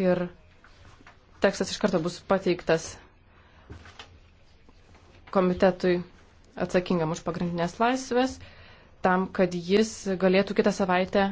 ir tekstas iš karto bus pateiktas komitetui atsakingam už pagrindinės laisvės, tam, kad jis galėtų kitą savaitę